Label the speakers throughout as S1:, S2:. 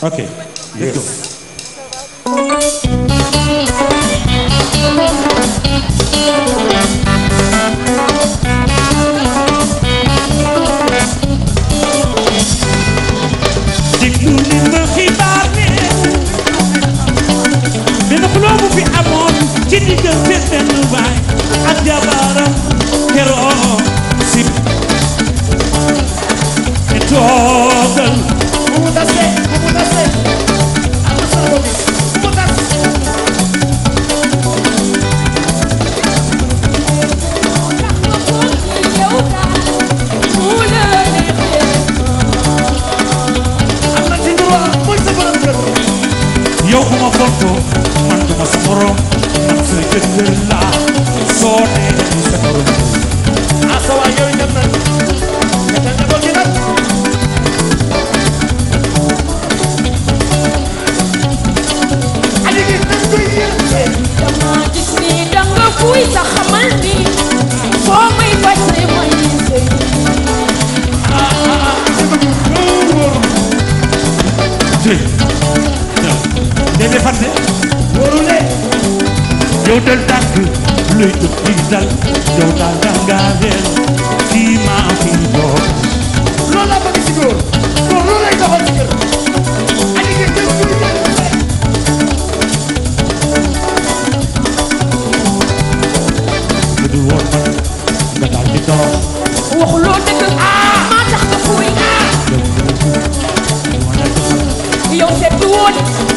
S1: Okay. Let's go. déglu li ma xibaar ne benn xuloo bu fi amoon ci diggante benn waay ak jabaram keroog si toogal mu tase fàtte fàtte wóolu ne yow del tàkk luy tut di dal yow daa gàngaareel si maa fi doon loolu laa bëgg si góor loolu lay doxal si kër yow seetlu woon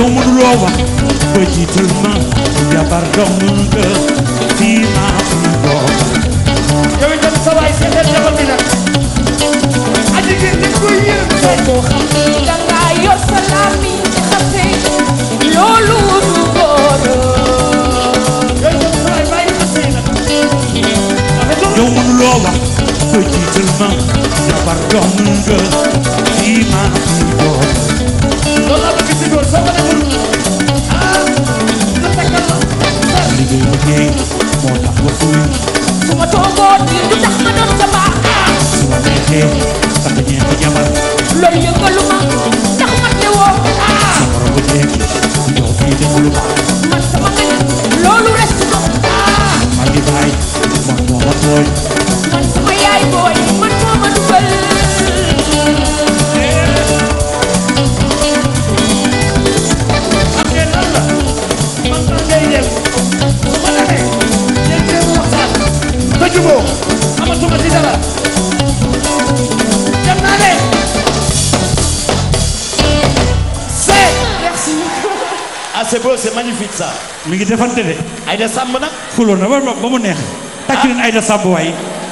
S1: yow mënuloo wax petitement jabar dox na nga fii maa fi dox. yow itam sa waay seetal jabar bi nag. aji gi dañ koy yërëm tey. koo xam ne da ngaa yor sa laami xase loolu du góor. yow itam sa waay bàyyi ko sëy nag. yow mënuloo wax petitement jabar dox na nga fii maa fi dox. su ma toogoon du tax ma doon sa baax su ma neexee sax ñeenti jabar loolu yëngalu ma ndax mat ne woo ah sama robo jeeg yow fii déglu ma c'est beau c'est magnifique ça. mi ngi defante de. Aïda Samb nag. xuloo na ba mu neex. ah tàcc